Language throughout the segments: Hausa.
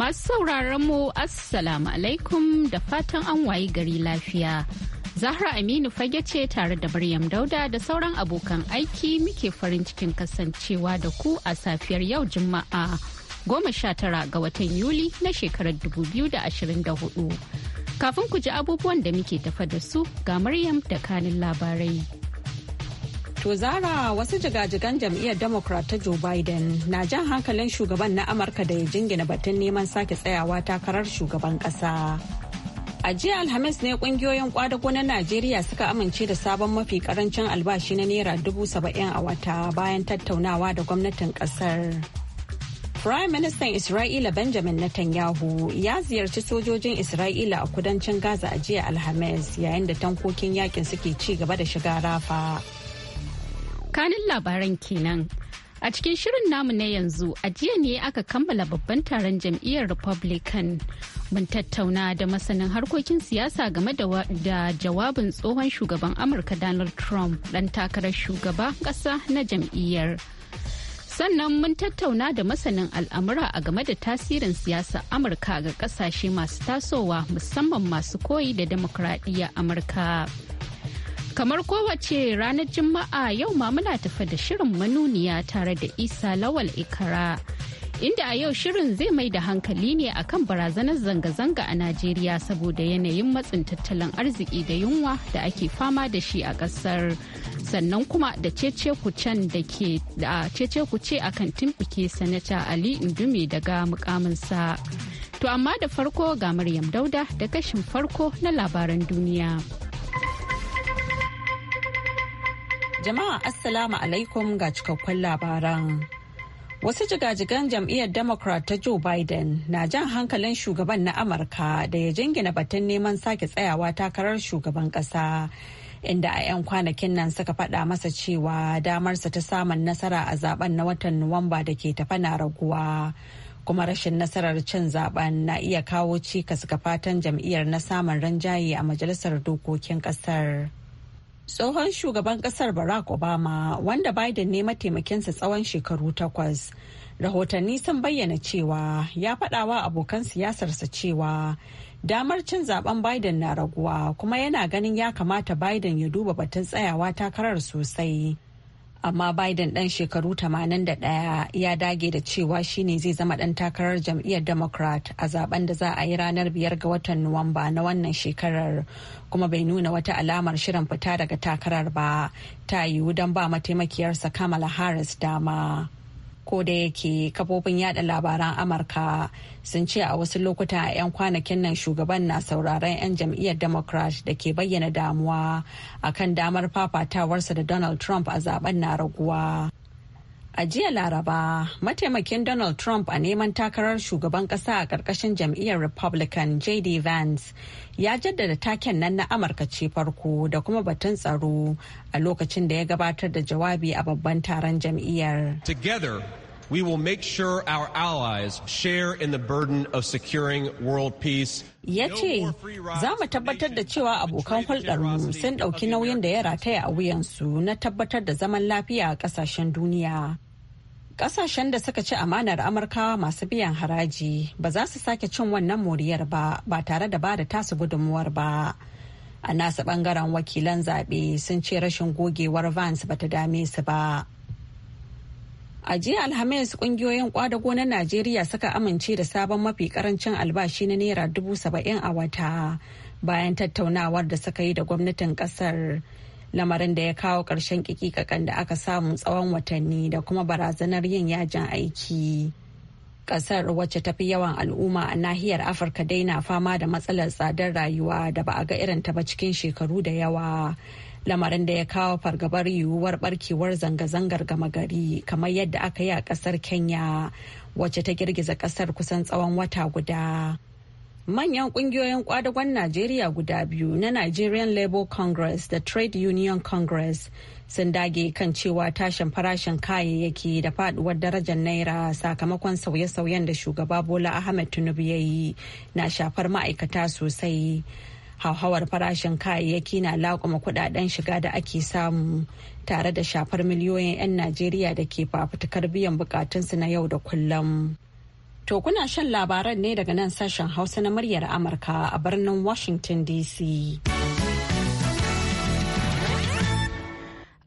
Masu sauraron mu Assalamu alaikum da fatan an wayi gari lafiya. Zahra Aminu fage ce tare da Maryam Dauda da sauran abokan aiki muke farin cikin kasancewa da ku a safiyar yau Juma'a goma sha tara ga watan Yuli na shekarar dubu biyu da da ashirin 2024. Kafin ku ji abubuwan da muke tafa da su ga Maryam da kanin labarai. To zara wasu jiga-jigan jam'iyyar Democrat ta Joe Biden na jan hankalin shugaban na Amurka da ya jingina batun neman sake tsayawa takarar shugaban kasa. A jiya Alhamis ne kungiyoyin kwadago na Najeriya suka amince da sabon mafi karancin albashi na Naira dubu saba'in a wata bayan tattaunawa da gwamnatin kasar. Prime Minister Isra'ila Benjamin Netanyahu ya ziyarci sojojin Isra'ila a kudancin Gaza a jiya Alhamis yayin da tankokin yakin suke ci gaba da shiga rafa. kanin labaran kenan. A cikin shirin namu na yanzu, a jiya ne aka kammala babban taron jam'iyyar Republican. Mun tattauna da masanin harkokin siyasa game da jawabin tsohon shugaban Amurka Donald Trump ɗan takarar shugaba ƙasa na jam'iyyar. Sannan mun tattauna da masanin al'amura a game da tasirin siyasa Amurka ga ƙasashe masu tasowa musamman masu koyi da demokradiyya Amurka. Kamar kowace ranar Juma'a yau ma muna tafa da shirin manuniya tare da Isa Lawal Ikara. Inda a yau shirin zai mai da hankali ne akan barazanar zanga-zanga a Najeriya saboda yanayin matsin tattalin arziki da yunwa da ake fama da shi a ƙasar. Sannan kuma da cece kucen da ke da cece kuce akan timbike sanata Ali indumi daga mukaminsa. To amma da farko ga Maryam Dauda da kashin farko na labaran duniya. Jama'a Assalamu alaikum ga cikakkun labaran. Wasu jigajigan jam'iyyar Democrat ta Joe Biden na jan hankalin shugaban na Amurka da ya jingina batun neman sake tsayawa takarar shugaban ƙasa. Inda a 'yan kwanakin nan suka faɗa masa cewa damarsa ta samun nasara a zaben na watan Nuwamba da ke tafa na raguwa. Kuma rashin nasarar cin zaben na iya kawo cikas ga fatan jam'iyyar na samun rinjaye a majalisar dokokin ƙasar. tsohon shugaban kasar barack obama wanda biden ne mataimakinsa tsawon shekaru takwas rahotanni sun bayyana cewa ya fadawa abokan siyasarsa cewa damar cin zaben biden na raguwa kuma yana ganin ya kamata biden ya duba batun tsayawa takarar sosai amma biden ɗan shekaru 81 ya dage da cewa shine zai zama ɗan takarar jam'iyyar democrat a zaben da za a yi ranar biyar ga watan nuwamba na wannan shekarar kuma bai nuna wata alamar shirin fita daga takarar ba ta yiwu don ba mataimakiyarsa kamala harris dama ko da yake kafofin yada labaran amurka sun ce a wasu lokuta a 'yan kwanakin nan shugaban na sauraron 'yan jam'iyyar democrat da ke bayyana damuwa a kan damar fafatawarsa da donald trump a zaben na raguwa a jiya laraba mataimakin donald trump a neman takarar shugaban kasa a karkashin jam'iyyar republican jd vance ya jaddada taken nan na amurka ce farko da kuma batun tsaro a lokacin da ya gabatar da jawabi a babban taron jam'iyyar We will make sure our allies share in the burden of securing world peace. Ya ce, za mu tabbatar da cewa abokan hulɗarmu sun ɗauki nauyin da ya rataya a wuyansu na tabbatar da zaman lafiya a ƙasashen duniya. Ƙasashen da suka ci amanar Amurkawa masu biyan haraji ba za su sake cin wannan moriyar ba ba tare da ba da tasu gudunmuwar ba. A nasu ɓangaren wakilan zaɓe sun ce rashin gogewar Vance bata dame su ba. A jiya Alhamis kungiyoyin kwadago na Najeriya suka amince da sabon mafi karancin albashi na Naira dubu saba'in a wata bayan tattaunawar da suka yi da gwamnatin kasar lamarin da ya kawo ƙarshen kikikakan da aka samu tsawon watanni da kuma barazanar yin yajin aiki. Kasar wacce tafi yawan al'umma a nahiyar Afirka dai na fama da matsalar tsadar rayuwa da ba a ga irin ta ba cikin shekaru da yawa. lamarin da ya kawo fargabar yiwuwar barkewar zanga-zangar gama gari kamar yadda aka yi a kasar kenya wacce ta girgiza kasar kusan tsawon wata guda manyan kungiyoyin kwadagon najeriya guda biyu na nigerian labour congress da trade union congress sun dage kan cewa tashin farashin kayayyaki da faduwar darajar naira sakamakon sauye-sauyen da shugaba bola ahmed tinubu ya yi na shafar ma'aikata sosai hauhawar farashin kayayyaki na laƙuma kudaden shiga da ake samu tare da shafar miliyoyin 'yan najeriya da ke fafutukar biyan bukatunsu na yau da kullum to kuna shan labaran ne daga nan sashen hausa na muryar amurka a birnin washington dc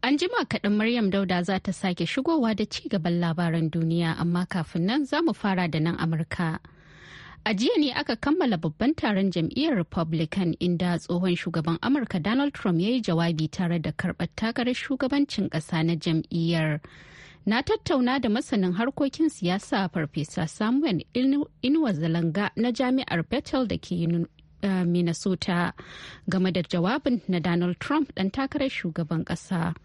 An jima kaɗan Maryam Dauda za ta sake shigowa da ci gaban labaran duniya amma kafin nan za mu fara da nan Amurka. A jiya ne aka kammala babban taron jam'iyyar Republican inda tsohon shugaban Amurka Donald Trump ya yi jawabi tare da karɓar takarar shugabancin ƙasa na jam'iyyar. Na tattauna da masanin harkokin siyasa Farfesa Samuel Inuwa Zalanga na Jami'ar Bethel da ke eh, Minnesota game da jawabin na Donald Trump ɗan takarar shugaban ƙasa.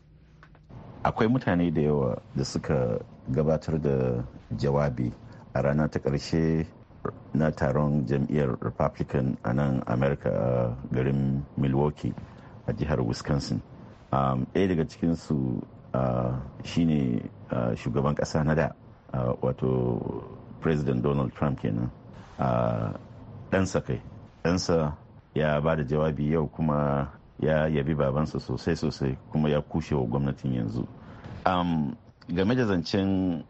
Akwai mutane da yawa da suka gabatar da jawabi a rana ta ƙarshe na taron jam'iyyar republican a nan america a garin milwaukee a jihar wisconsin um, ɗaya daga cikinsu uh, shine uh, shugaban ƙasa na da uh, wato president donald trump kenan ɗansa kai ɗansa ya ba da jawabi yau kuma ya yabi babansa sosai-sosai kuma ya kushe wa gwamnatin yanzu um, game da zancen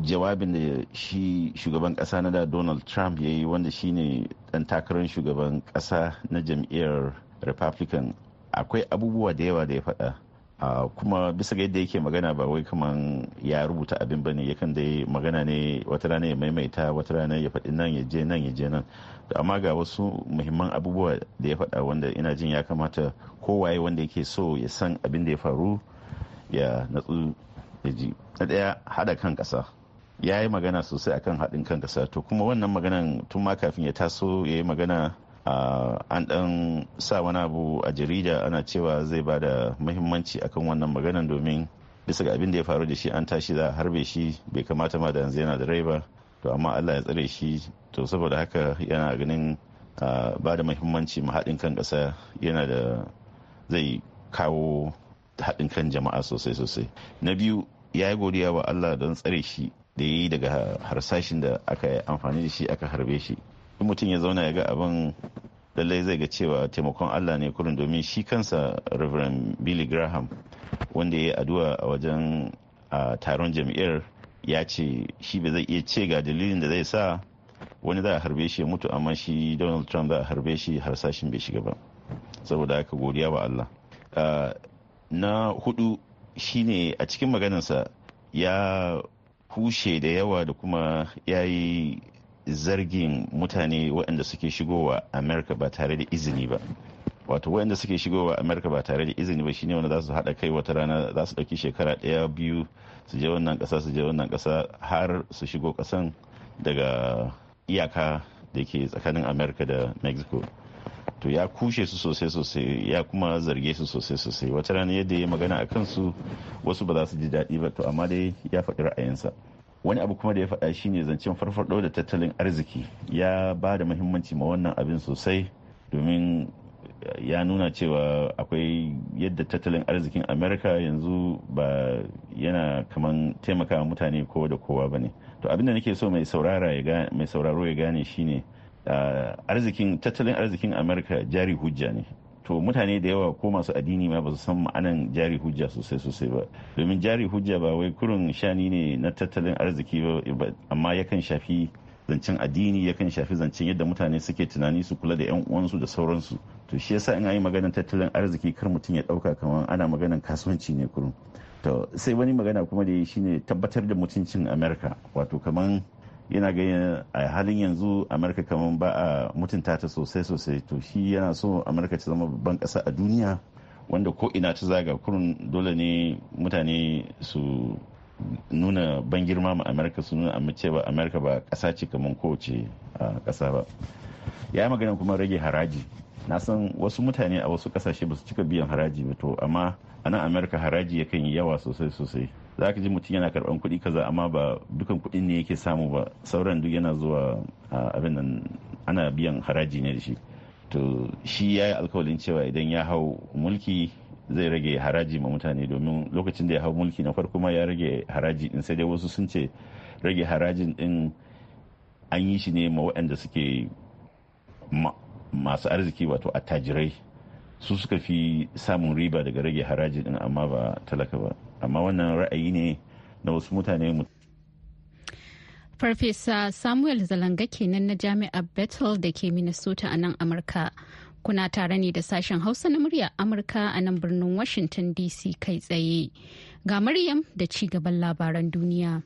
jawabin da shi shugaban kasa na da donald trump ya yi wanda shine dan takarar shugaban kasa na jam'iyyar republican akwai abubuwa da yawa da ya faɗa kuma bisa ga yadda yake magana ba wai kaman ya rubuta abin bane yakan dai magana ne wata rana ya maimaita wata rana ya faɗi nan ya je nan ya je nan amma ga wasu muhimman abubuwa da ya faɗa wanda ina jin ya kamata kowaye wanda yake so ya san abin da ya faru ya natsu ya ji na ɗaya haɗa kan ƙasa ya yi magana sosai akan haɗin kan ƙasa to kuma wannan maganan tun ma kafin ya taso ya yi magana an ɗan sa wani abu a jarida ana cewa zai ba da muhimmanci akan wannan maganan domin bisa ga abin da ya faru da shi an tashi za a harbe shi bai kamata ma da yanzu yana da rai ba to amma allah ya tsare shi to saboda haka yana ganin ba da muhimmanci ma haɗin kan ƙasa yana da zai kawo haɗin kan jama'a sosai sosai na biyu ya yi godiya wa allah don tsare shi da ya yi daga harsashin da aka yi amfani da shi aka harbe shi in mutum ya zauna ya ga abin lallai zai ga cewa taimakon allah ne kurin domin shi kansa reverend billy graham wanda ya yi addu'a a wajen taron jam'iyyar ya ce shi ba zai iya ce ga dalilin da zai sa wani za a harbe shi ya mutu amma shi donald trump za a harbe shi harsashin bai shiga ba saboda haka godiya wa allah ah, na hudu shine a cikin maganarsa ya kushe da yawa da kuma ya yi zargin mutane waɗanda suke shigowa amerika ba tare da izini ba wato waɗanda suke shigowa amerika ba tare da izini ba shine wanda za su haɗa kai wata rana za su ɗauki shekara ɗaya biyu su je wannan ƙasa su je wannan ƙasa har su shigo ƙasan daga iyaka da ke tsakanin amerika da mexico to ya kushe su sosai sosai ya kuma zarge su sosai sosai wata rana yadda ya magana a kansu wasu ba za su ji daɗi ba to amma dai ya faɗi ra'ayinsa wani abu kuma da ya faɗa ne zancen farfaɗo da tattalin arziki ya ba da muhimmanci ma wannan abin sosai domin eh, ya nuna cewa akwai yadda tattalin arzikin amerika yanzu ba yana kaman taimaka mutane kowa da kowa ba ne to abin da nake so mai sauraro ya gane shine arzikin tattalin arzikin amerika jari hujja ne to mutane da yawa ko masu addini ma ba su san ma'anan jari hujja sosai sosai ba domin jari hujja ba wai kurin shani ne na tattalin arziki ba amma yakan shafi zancen addini yakan shafi zancen yadda mutane suke tunani su kula da yan uwansu da sauransu to shi yasa in yi maganar tattalin arziki kar mutum ya dauka kamar ana maganar kasuwanci ne kurun to sai wani magana kuma da shi shine tabbatar da mutuncin amerika wato kamar yana ganin a halin yanzu amurka kamar ba a mutunta ta sosai sosai to shi yana so amurka ta zama babban kasa a duniya wanda ko ina ta zaga kurun dole ne mutane su nuna ban girma ma amurka su nuna amince ba amurka ba ƙasa ce kamar kowace ƙasa ba ya yi magana kuma rage haraji na san wasu mutane a wasu kasashe ba su cika biyan haraji ba to amma a nan amurka haraji yakan yi yawa sosai sosai za ka ji mutum yana karban kuɗi kaza amma ba dukan kuɗin ne yake samu ba sauran duk yana zuwa abin nan ana biyan haraji ne da shi to shi ya yi alkawalin cewa idan ya hau mulki zai rage haraji ma mutane domin lokacin da ya hau mulki na farko ma ya rage haraji in sai dai wasu sun ce rage harajin din an yi shi ne ma waɗanda suke masu arziki wato attajirai su suka fi samun riba daga rage harajin din amma ba talaka ba amma wannan ra'ayi ne na wasu mutane farfesa samuel zalanga kenan na jami'ar bethel da ke minnesota a nan amurka kuna tare ne da sashen hausa na murya amurka a nan birnin washington dc kai tsaye ga maryam da ci gaban labaran duniya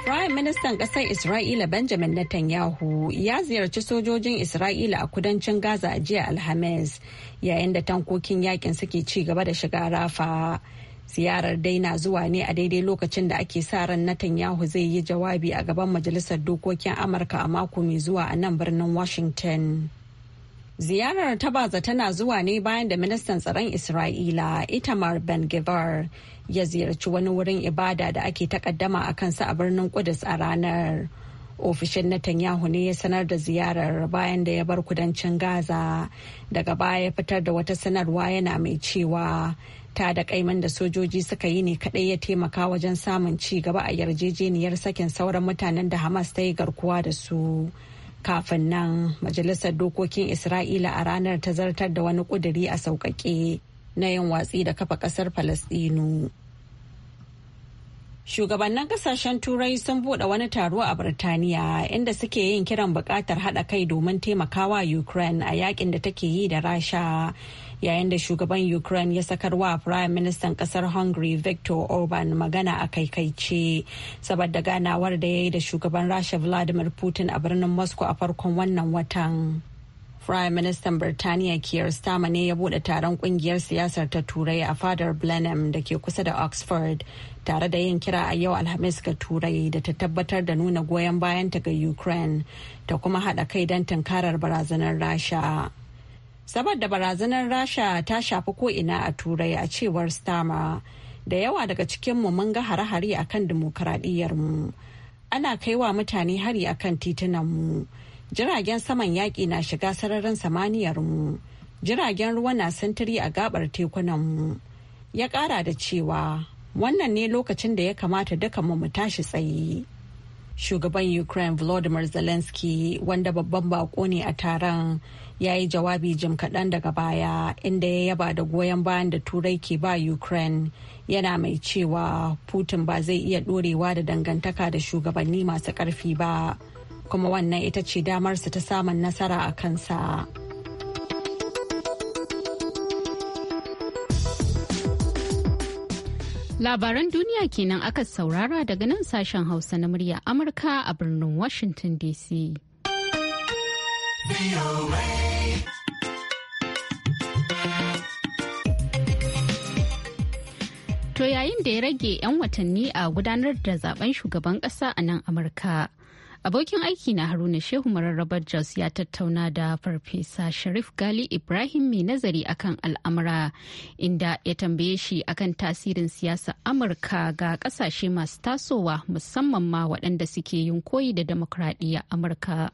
Prime Ministan ƙasar Isra'ila Benjamin Netanyahu ya ziyarci sojojin Isra'ila a kudancin Gaza a jiya Alhamis yayin da tankokin yakin suke ci gaba da shiga rafa. Ziyarar dai na zuwa ne a daidai lokacin da ake sa ran Netanyahu zai yi jawabi a gaban Majalisar Dokokin Amurka a mako mai zuwa a nan birnin Washington. Ziyarar ta baza tana zuwa ne bayan da ministan tsaron Isra'ila Itamar Ben ya ziyarci wani wurin ibada da ake takaddama a kansa a birnin Kudus a ranar. Ofishin Netanyahu ne ya sanar da ziyarar bayan da ya bar kudancin Gaza daga baya ya fitar da wata sanarwa yana mai cewa ta da kaiman da sojoji suka yi ne kadai ya taimaka wajen samun ci gaba a yarjejeniyar sakin sauran mutanen da Hamas ta yi garkuwa da su. kafin nan majalisar dokokin isra'ila a ranar ta zartar da wani kuduri a sauƙaƙe na yin watsi da kafa ƙasar falasɗinu shugabannin kasashen turai sun buɗe wani taro a birtaniya inda suke yin kiran buƙatar haɗa kai domin taimakawa ukraine a yakin da take yi da rasha yayin da shugaban ukraine ya wa prime minister kasar hungary victor orban magana a kaikaice saboda ganawar da ya yi da shugaban rasha vladimir putin a birnin moscow a farkon wannan watan Prime Minister Birtaniya kier Starmer ne ya bude taron kungiyar siyasar ta Turai a fadar Blenheim da ke kusa da Oxford tare da yin kira a yau Alhamis ga Turai da ta tabbatar da nuna goyon bayanta ga Ukraine ta kuma haɗa kai don tunkarar barazanar Rasha. da barazanar rasha ta shafi ko'ina a turai a cewar stama da yawa daga cikinmu mun ga hare-hare a kan mu ana kaiwa mutane hari a kan titunanmu jiragen saman yaƙi na shiga sararin samaniyarmu jiragen ruwa na sintiri a gabar tekunanmu ya ƙara da cewa wannan ne lokacin da ya kamata duka mu tashi tsaye shugaban ukraine volodymyr zelensky wanda babban bako ne a taron ya yi jawabi jim kaɗan daga baya inda ya yaba da goyon bayan da turai ke ba ukraine yana mai cewa putin ba zai iya ɗorewa da dangantaka da shugabanni masu ƙarfi ba kuma wannan ita ce damarsa ta samun nasara a kansa. Labaran duniya kenan aka saurara daga nan sashen Hausa na murya Amurka a birnin Washington DC. To yayin da ya rage 'yan watanni a gudanar da zaben shugaban ƙasa a nan Amurka. Abokin aiki na Haruna Shehu Mararrabar Jos ya tattauna da Farfesa Sharif Gali Ibrahim mai nazari akan al'amura inda ya tambaye shi akan tasirin siyasa Amurka ga kasashe masu tasowa musamman ma waɗanda suke yin koyi da demokradiyya Amurka.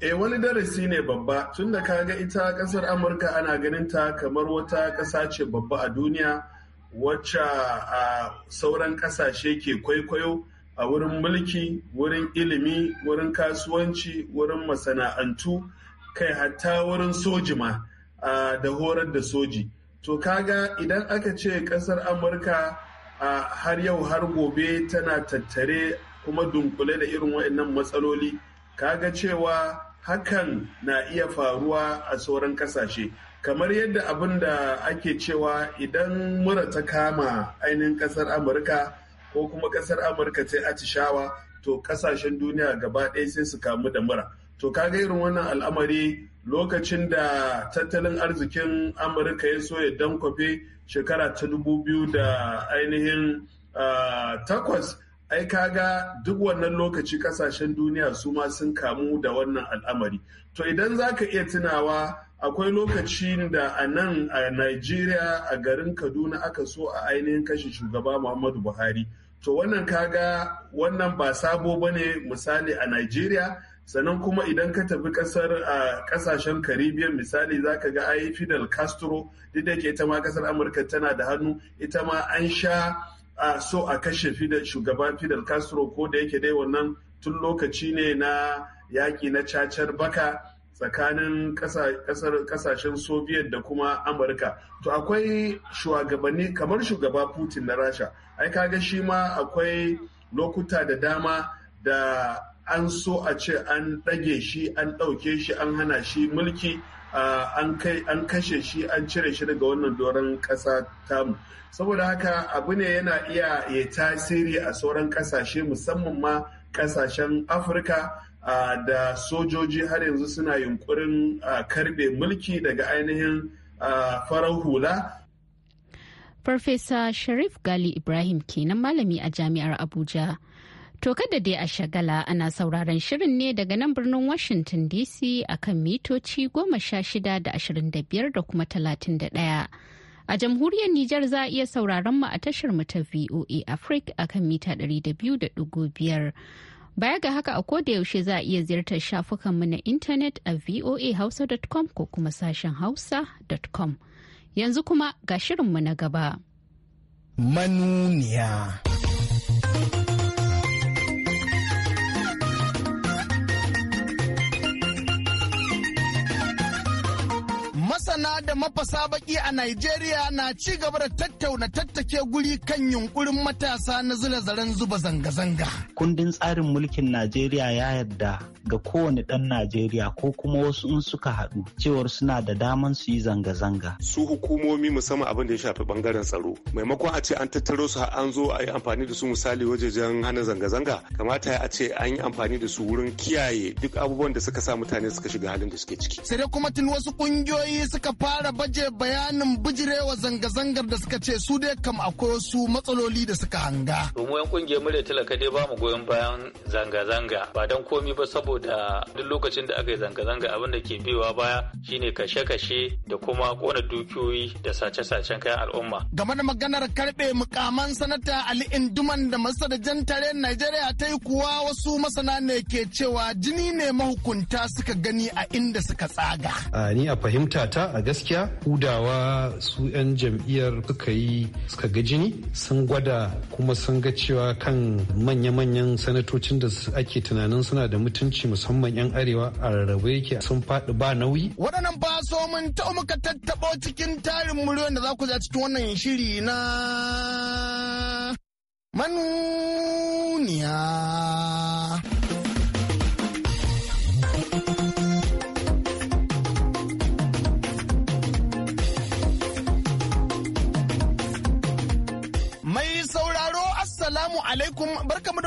E wani darasi ne babba tun da kaga ita ƙasar Amurka ana ganin ta kamar wata ƙasa ce babba a duniya wacce a ah, sauran ƙasashe ke kwaikwayo. a wurin mulki wurin ilimi wurin kasuwanci wurin masana'antu kai hatta wurin soji ma da horar da soji to kaga idan aka ce kasar amurka har yau har gobe tana tattare kuma dunkule da irin waɗannan matsaloli kaga cewa hakan na iya faruwa a sauran kasashe kamar yadda abin da ake cewa idan mura ta kama ainihin kasar amurka ko kuma kasar amurka ta atishawa to kasashen duniya gaba ɗaya sai su kamu da mura to kaga irin wannan al'amari lokacin da tattalin arzikin amurka ya so ya dankwafe shekara ta dubu biyu da ainihin takwas ai kaga duk wannan lokaci kasashen duniya su ma sun kamu da wannan al'amari to idan za ka iya tunawa akwai lokacin da a nan a nigeria a garin kaduna aka so a ainihin kashe shugaba muhammadu buhari to wannan kaga wannan ba sabo ba ne misali a nigeria sannan kuma idan ka tafi kasar a kasashen caribbean misali zaka ga ai fidal castro duk da ke ita ma kasar amurka tana da hannu ita ma an sha a so a kashe shugaban fidal castro ko da yake dai wannan tun lokaci ne na yaƙi na cacar baka tsakanin kasashen soviet da kuma amurka to akwai shugabanni kamar shugaba putin na rasha ai kaga shi ma akwai lokuta da dama da an so a ce an ɗage shi an ɗauke shi an hana shi mulki an kashe shi an cire shi daga wannan doron ƙasa tamu saboda haka abu ne yana iya ya tasiri a sauran ƙasashe musamman ma ƙasashen afirka da sojoji har yanzu suna yunkurin karbe mulki daga ainihin farar hula Farfesa Sharif Gali Ibrahim kenan malami a jami'ar Abuja. To kada dai a shagala ana sauraron shirin ne daga nan birnin Washington DC akan mitoci goma sha shida da ashirin da biyar da kuma talatin da ɗaya. A jamhuriyar Nijar za a iya sauraron mu a tashar mu ta VOA Africa akan mita ɗari da biyu da ɗigo biyar. Baya ga haka a koda yaushe za a iya ziyartar shafukanmu na intanet a voahausa.com ko kuma sashen hausa.com. Yanzu kuma ga shirinmu na gaba. Manuniya. Masana da mafasa baki a Najeriya na ci gaba da tattauna tattake guri kan yunkurin matasa na zira zaren zuba zanga-zanga. Kundin tsarin mulkin Najeriya ya yarda ga kowane dan Najeriya ko kuma wasu in suka haɗu cewar suna da daman su yi zanga-zanga. Su hukumomi musamman abin da ya shafi bangaren tsaro. Maimakon a ce an tattaro su an zo a yi amfani da su misali wajejen hana zanga-zanga kamata a ce an yi amfani da su wurin kiyaye duk abubuwan da suka sa mutane suka shiga halin da suke ciki. Sai dai kuma tun wasu ƙungiyoyi suka fara baje bayanin bijirewa zanga-zangar da suka ce su dai kam akwai wasu matsaloli da suka hanga. Domin yan kungiyar murya talaka dai ba mu goyon bayan zanga-zanga ba don komi ba saboda duk lokacin da aka yi zanga-zanga abin da ke biyowa baya shine kashe-kashe da kuma kona dukiyoyi da sace-sacen kayan al'umma. Game da maganar karbe mukaman sanata Ali Induman da masarajan tare Najeriya ta yi kuwa wasu masana ne ke cewa jini ne mahukunta suka gani a inda suka tsaga. Ni a fahimta mata a gaskiya hudawa su 'yan jam'iyyar suka yi suka ga jini sun gwada kuma sun ga cewa kan manya-manyan sanatocin da ake tunanin suna da mutunci musamman 'yan arewa a rarrabe yake sun faɗi ba nauyi waɗannan ba mun ta muka tattaɓo cikin tarin muryar da za ku za cikin wannan shiri na manuniya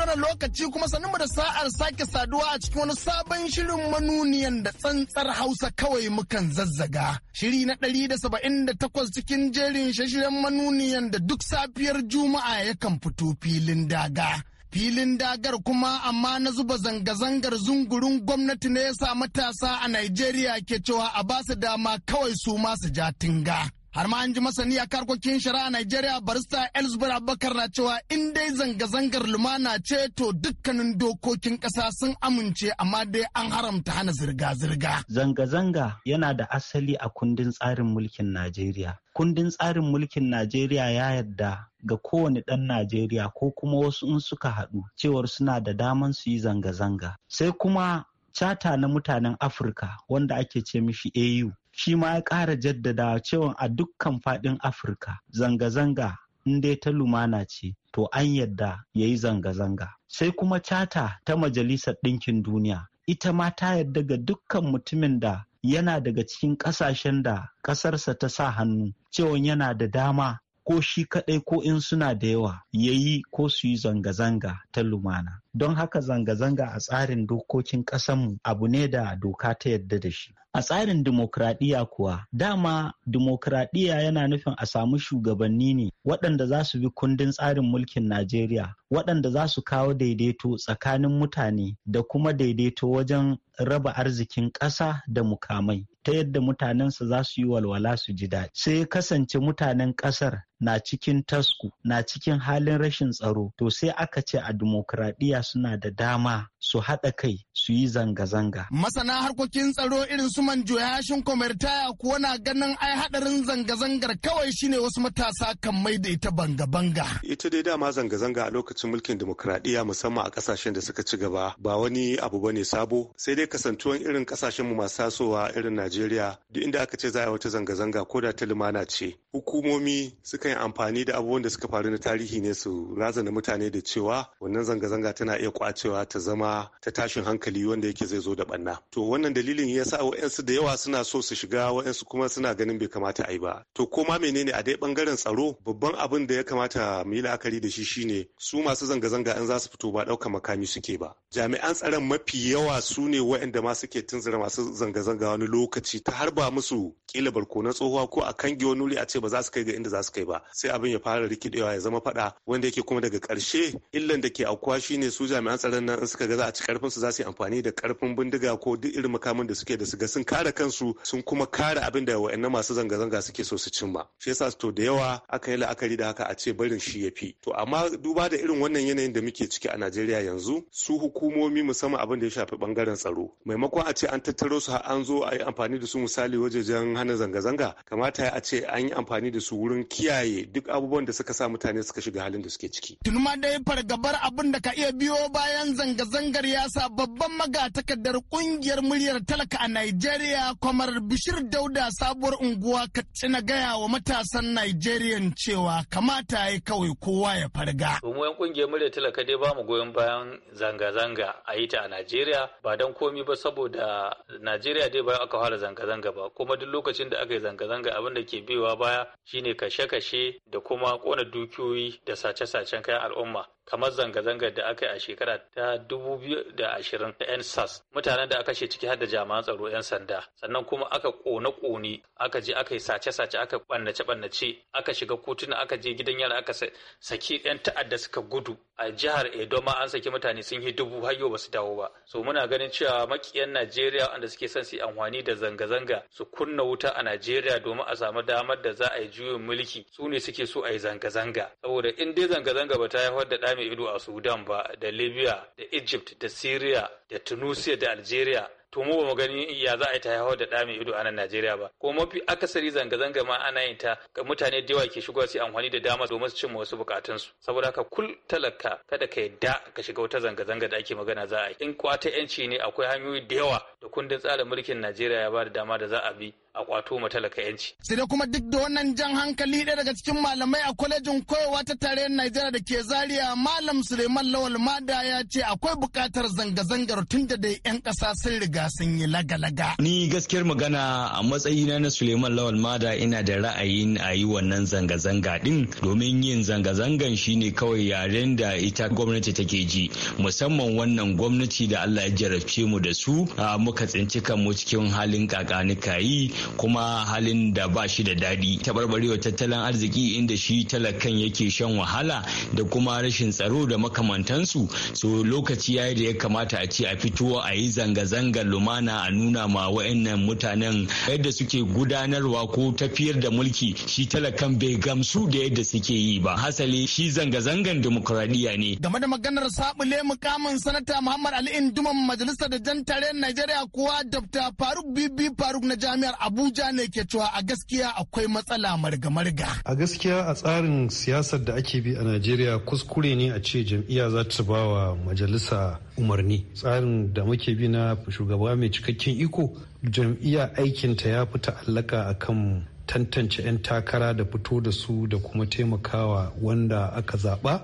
da wannan lokaci kuma sanin mu da sa'ar sake saduwa a cikin wani sabon shirin manuniyan da tsantsar Hausa kawai mukan zazzaga. Shiri na ɗari da saba'in da takwas cikin jerin shashiren manuniyan da duk safiyar Juma'a yakan fito filin daga. filin dagar kuma amma na zuba zanga-zangar zungurin gwamnati ne ya sa matasa a Najeriya ke cewa a basu dama kawai su masu tinga. har ma an ji masani a karkokin shari'a Najeriya barista Elsbur Abubakar na cewa in dai zanga-zangar lumana ce to dukkanin dokokin ƙasa sun amince amma dai an haramta hana zirga-zirga. Zanga-zanga yana da asali a kundin tsarin mulkin Najeriya. Kundin tsarin mulkin Najeriya ya yarda ga kowane ɗan Najeriya ko kuma wasu in suka haɗu cewar suna da daman su yi zanga-zanga. Sai kuma chata na mutanen Afirka wanda ake ce mishi AU shi ma ya ƙara jaddada cewa a dukkan faɗin afirka zanga-zanga in dai ta lumana ce to an yadda ya yi zanga-zanga sai kuma cata ta majalisar ɗinkin duniya ita ma ta yadda ga dukkan mutumin da yana daga cikin ƙasashen da ƙasarsa ta sa hannu cewa yana da dama ko shi kaɗai ko in suna da yawa ya yi ko su yi zanga-zanga ta lumana. Don haka zanga-zanga a tsarin dokokin ƙasanmu abu ne da doka ta yadda da shi. A tsarin dimokuraɗiyya kuwa, dama dimokuraɗiyya yana nufin a samu shugabanni ne waɗanda za su bi kundin tsarin mulkin Najeriya, waɗanda za su kawo daidaito tsakanin mutane da kuma daidaito wajen raba arzikin ƙasa da mukamai. ta yadda mutanensa za su yi walwala su ji daɗi sai ya kasance mutanen ƙasar na cikin tasku na cikin halin rashin tsaro to sai aka ce a dimokuraɗiyya suna da dama su haɗa kai su yi zanga-zanga. Masana harkokin tsaro irin su manjo yashin komertaya kuwa na ganin ai haɗarin zanga-zangar kawai shine wasu matasa kan mai da ita banga-banga. Ita dai dama zanga-zanga a lokacin mulkin dimokuraɗiyya musamman a ƙasashen da suka ci gaba ba wani abu bane sabo sai dai kasantuwan irin ƙasashen mu masu tasowa irin Najeriya duk inda aka ce za a wata zanga-zanga ko da ta lumana ce. Hukumomi suka yi amfani da abubuwan da suka faru na tarihi ne su razana mutane da cewa wannan zanga-zanga tana iya kwacewa ta zama ta tashin hankali wanda yake zai zo da banna. To wannan dalilin ya sa wa'yansu da yawa suna so su shiga wa'yansu kuma suna ganin bai kamata a yi ba. To ko ma menene a dai bangaren tsaro babban abin da ya kamata mu yi la'akari da shi shine su masu zanga-zanga an za su fito ba ɗaukar makami suke ba. Jami'an tsaron mafi yawa su ne wa'yanda ma suke tunzura masu zanga-zanga wani lokaci lokaci ta harba musu kila na tsohuwa ko a kange wani wuri a ce ba za su kai ga inda za su kai ba sai abin ya fara rikidewa ya zama fada wanda yake kuma daga karshe illan da ke aukuwa shine su jami'an tsaron nan in suka ga za a ci karfin su za su yi amfani da karfin bindiga ko duk irin makamin da suke da su ga sun kare kansu sun kuma kare abin da wa'annan masu zanga-zanga suke so su cimma shi yasa to da yawa aka yi la'akari da haka a ce barin shi ya fi to amma duba da irin wannan yanayin da muke ciki a Najeriya yanzu su hukumomi musamman abin da ya shafi bangaren tsaro maimakon a ce an tattaro su har an zo a yi amfani da su misali wajejen hana zanga-zanga kamata a ce an yi amfani da su wurin kiyaye duk abubuwan da suka sa mutane suka shiga halin da suke ciki. Tunuma dai fargabar abin da ka iya biyo bayan zanga-zangar ya sa babban magatakardar kungiyar muryar talaka a nigeria kwamar Bishir Dauda sabuwar unguwa Katsina gaya wa matasan Nigeria cewa kamata ya kawai kowa ya farga. Umuwan kungiyar muryar talaka dai ba mu goyon bayan zanga-zanga a yi ta a nigeria ba don komi ba saboda nigeria dai bayan aka fara zanga-zanga ba kuma duk lokacin da aka yi zanga-zanga abin da ke biyowa baya shine kashe-kashe da kuma kona dukiyoyi da sace-sacen kayan al'umma kamar zanga-zangar da aka yi a shekara ta 2020 yan sas mutanen da aka ce ciki har da jami'an tsaro 'yan sanda sannan kuma aka kone-kone aka je aka yi sace-sace aka ɓannace-ɓannace aka shiga kotuna aka je gidan yara aka saki 'yan ta'adda suka gudu a jihar Edo ma an saki mutane sun yi dubu har yau ba su dawo ba so muna ganin cewa makiyan Najeriya wanda suke son su yi amfani da zanga-zanga su kunna wuta a Najeriya domin a samu damar da za a yi juyin mulki su ne suke so a yi zanga-zanga saboda in dai zanga-zanga ba ta haifar da mai ido a Sudan ba da Libya da Egypt da Syria da Tunisia da Algeria to mu ba mu gani ya za a yi ta hawa da ɗa ido a nan Najeriya ba ko mafi akasari zanga-zanga ma ana yin ta ga mutane da yawa ke shigowa su amfani da dama domin su cimma wasu bukatunsu saboda haka kul talaka kada ka yadda ka shiga wata zanga-zanga da ake magana za a yi in kwata yanci ne akwai hanyoyi da yawa da kundin tsarin mulkin Najeriya ya ba da dama da za a bi a kwato ma talaka yanci. Sai dai kuma duk da wannan jan hankali ɗaya daga cikin malamai a kwalejin koyarwa ta tarayyar Najeriya da ke Zaria Malam Suleiman Lawal Mada ya ce akwai buƙatar zanga-zangar tun da dai 'yan ƙasa sun riga sun yi laga-laga. Ni gaskiyar magana a matsayina na Suleiman Lawal Mada ina da ra'ayin a yi wannan zanga-zanga ɗin domin yin zanga-zangan shine kawai yaren da ita gwamnati take ji musamman wannan gwamnati da Allah ya jarabce mu da su muka tsinci kanmu cikin halin kakanikayi kuma halin da ba shi da daɗi taɓarɓarewa tattalin arziki inda shi talakan yake shan wahala da kuma rashin tsaro da makamantansu so lokaci yayi da ya kamata a ce a fito a yi zanga zanga lumana a nuna ma wa'annan mutanen yadda suke gudanarwa ko tafiyar da mulki shi talakan bai gamsu da yadda suke yi ba hasali shi zanga-zangan demokuraɗiyya ne game da maganar sabule mukamin sanata muhammad ali induman majalisar da jan tare najeriya kuwa dr faruk bibi faruk na jami'ar Abuja ne ke cewa a gaskiya akwai matsala marga-marga. A gaskiya a tsarin siyasar da ake bi a Najeriya kuskure ne a ce jam'iyya za ta ba wa majalisa umarni. Tsarin da muke bi na shugaba mai cikakken iko jam'iyya aikinta ya fi ta'allaka akan tantance 'yan takara da fito da su da kuma taimakawa wanda aka zaɓa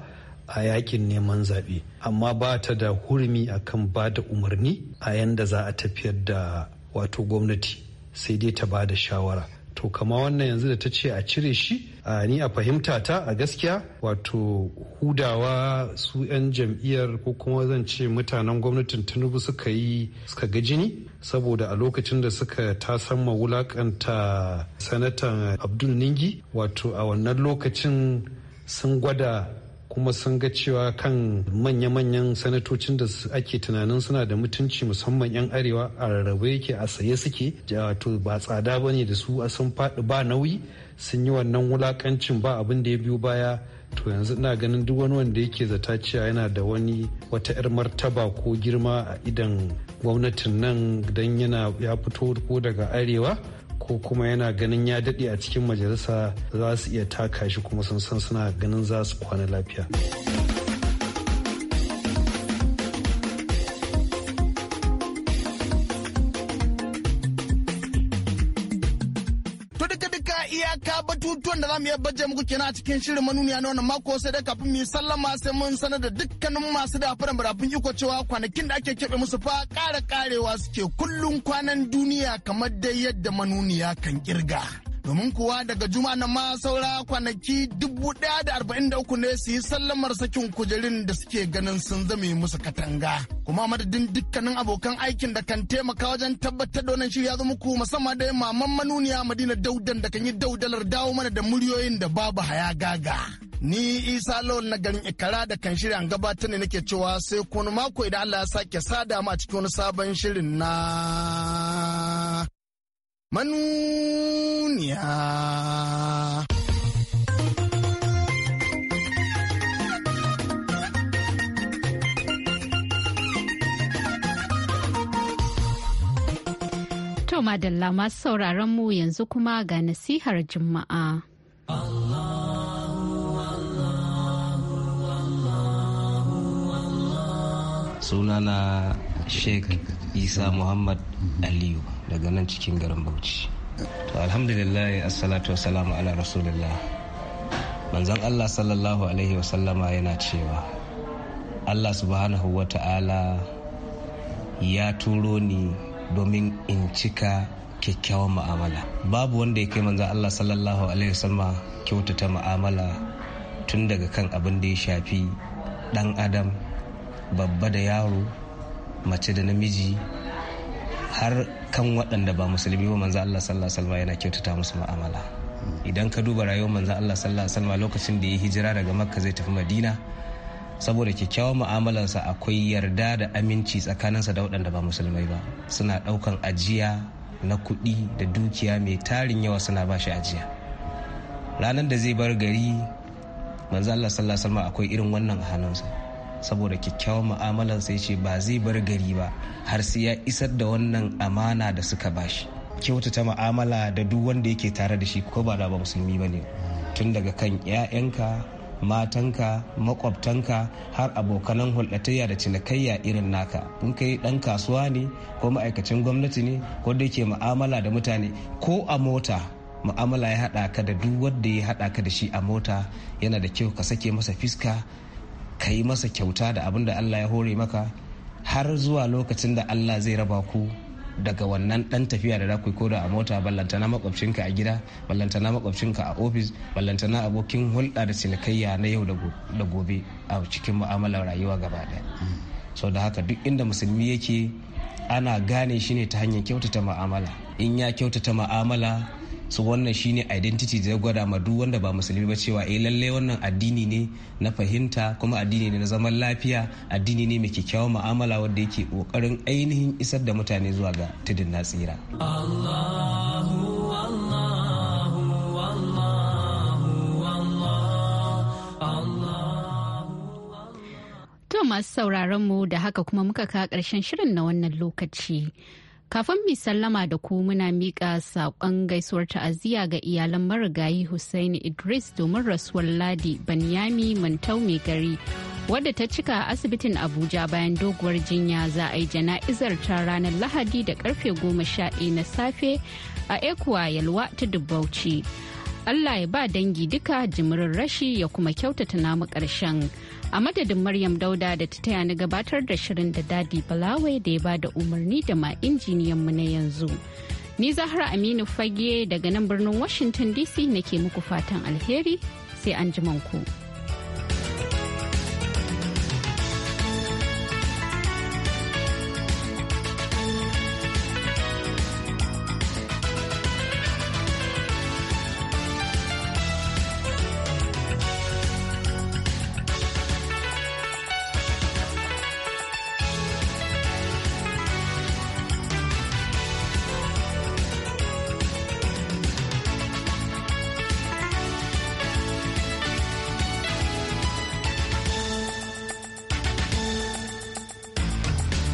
a yakin neman zaɓe amma ba ta da hurumi akan ba da umarni a yanda za a tafiyar da wato gwamnati sai dai ta bada shawara to kama wannan yanzu da ta ce a cire shi a ni a fahimta ta a gaskiya wato hudawa su 'yan jam'iyyar ko kuma zan ce mutanen gwamnatin tinubu suka yi suka ga jini saboda a lokacin da suka ta tasamma wulakanta sanatan abdul ningi wato a wannan lokacin sun gwada kuma sun ga cewa kan manya-manyan sanatocin da ake tunanin suna da mutunci musamman 'yan arewa a rarrabe yake a saye suke wato ba tsada ba ne da su a sun faɗi ba nauyi sun yi wannan wulakancin ba abin da ya biyo baya to yanzu ina ganin duk wani wanda yake zata cewa yana da wani wata 'yar martaba ko girma a idan gwamnatin nan don yana ya fito ko daga arewa ko kuma yana ganin ya daɗe a cikin majalisa za su iya taka shi kuma sun san suna ganin za su kwana lafiya. duka duka iyaka batutuwan da zamu iya baje muku kenan a cikin shirin manuniya na wannan mako sai dai kafin mu sallama sai mun sanar da dukkanin masu da fara barafin iko cewa kwanakin da ake keɓe musu fa ƙara ƙarewa suke kullun kwanan duniya kamar dai yadda manuniya kan kirga. domin kuwa daga juma na ma kwanaki dubu daya da arba'in da uku ne su yi sallamar sakin kujerun da suke ganin sun zame musu katanga kuma madadin dukkanin abokan aikin da kan taimaka wajen tabbatar da wannan shirya zama muku musamman da maman manuniya madina daudan da kan yi daudalar dawo mana da muryoyin da babu haya gaga ni isa lawal na garin ikara da kan shirya gabatar ne nake cewa sai kuma mako idan allah ya sake sada mu a cikin wani sabon shirin na manuniya. To madalla masu sauraron mu yanzu kuma ga nasihar Juma'a. Sunana Sheikh Isa Muhammad Aliyu. daga nan cikin garin bauchi to alhamdulillah assalatu wassalamu ala rasulillah manzon allah sallallahu alaihi wasallama yana cewa allah subhanahu wa ta'ala ya turo ni domin in cika kyakkyawan ma'amala babu wanda ya kai manzon allah sallallahu alaihi wasallama kyautata ma'amala tun daga kan abin da ya shafi dan adam babba da yaro mace da namiji har kan waɗanda ba musulmi ba manzo Allah sallallahu alaihi wasallam yana kyautata musu mu'amala idan ka duba rayuwar manzo Allah sallallahu alaihi wasallam lokacin da ya hijira daga Makka zai tafi Madina saboda kyakkyawan sa akwai yarda da aminci tsakaninsa da waɗanda ba musulmai ba suna ɗaukan ajiya na kuɗi da dukiya mai tarin yawa suna ba shi ajiya ranar da zai bar gari manzo Allah sallallahu alaihi wasallam akwai irin wannan a hannunsa saboda kyakkyawan mu'amalar sai ce ba zai bar gari ba har sai ya isar da wannan amana da suka bashi kyautata mu'amala da duk wanda yake tare da shi ko ba da ba musulmi ba ne tun daga kan 'ya'yanka matanka makwabtanka har abokanan hulɗatayya da cinikayya irin naka in kai ɗan kasuwa ne ko ma'aikacin gwamnati ne ko da ke mu'amala da mutane ko a mota mu'amala ya haɗa ka da duk wanda ya haɗa ka da shi a mota yana da kyau ka sake masa fiska ka yi masa kyauta da abin da Allah ya hore maka har zuwa lokacin da Allah zai raba ku daga wannan dan tafiya da ku ko da a mota ballantana makwabcinka a gida ballantana makwabcinka a ofis ballantana abokin hulɗa da cinikayya na yau da gobe a cikin mu'amalar rayuwa gaba ɗaya So da haka duk inda musulmi yake ana gane shi ne ta hanyar kyautata mu'amala in ya kyautata mu'amala. so wannan shine identity da ya gwada ma duk wanda ba musulmi ba cewa eh lalle wannan addini ne na fahimta kuma addini ne na zaman lafiya addini ne mai kyakkyawan mu'amala wanda yake kokarin ainihin isar da mutane zuwa ga tudun na tsira To masu sauraron mu da haka kuma muka kawo ƙarshen shirin na wannan lokaci. Kafin mai sallama da ku muna miƙa saƙon gaisuwar ta'aziyya ga iyalan marigayi Hussaini Idris domin rasuwar Ladi Banyami Mantau mai gari wadda ta cika a asibitin Abuja bayan doguwar jinya za a yi jana'izar ta ranar Lahadi da karfe goma sha na safe a Ekuwa Yalwa ta Dubbauci. Allah ya ba dangi duka jimirin rashi ya kuma kyautata namu ƙarshen. A madadin Maryam Dauda da ta taya ni gabatar da shirin da Dadi bala'wai da ya ba da umarni da ma injiniyan mu na yanzu. Ni Zahra Aminu Fage daga nan birnin Washington DC nake muku fatan alheri sai an ku.